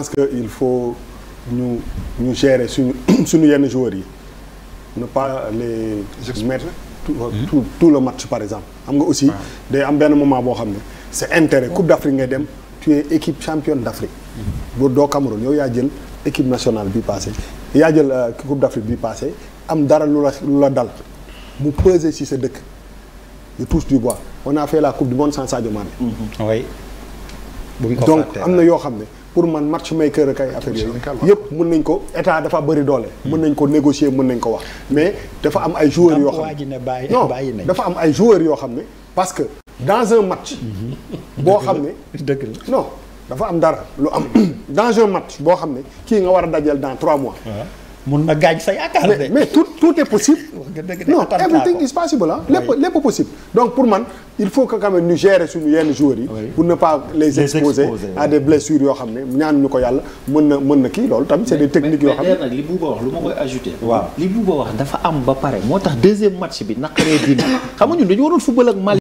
pense que il faut ñu ñu gérer suñu suñu yenn joueurs yi ne pas les. mettre hmm? tout, le match par exemple. am nga aussi day am benn moment boo xam ne c' est intérêt coupe d' Afrique ngay dem tu es équipe championne d' Afrique. Hmm. boo doo Cameroun yow yaa jël équipe nationale bi passé yaa jël euh, coupe d' Afrique bi passé am dara lu la la dal mu peser ci sa dëkk je touche du bois on a fait la coupe du monde sans Sadio Mané. oui. donc am na yoo xam ne. pour man matchmaker ak ay affaire yooyu yëpp mën nañ ko état dafa bëri doole. Hmm. mën nañ ko négocier mën nañ ko wax mais dafa am ay joueurs yoo xam ne dafa am ay joueurs yoo xam ne parce que dans un match hmm. boo xam ne dëgg la dafa am dara lu am dans un match boo xam ne kii nga war a dajal dans trois mois mun na gaañ sa yaakaar de mais tout tout est possible non everything is possible ah lépp lépp possible donc pour man il faut que quand même suñu yenn joueurs yi pour ne pas les exposer à des blessures yoo xam ne ñaan ñu ko yàlla mën na mën na kii loolu tamit c'est des techniques yoo xam ne li Bouba wax lu ma koy ajouter waaw li Bouba wax dafa am ba pare moo tax deuxième match bi naqaree dina xam nga ñun dañu waroon ak Mali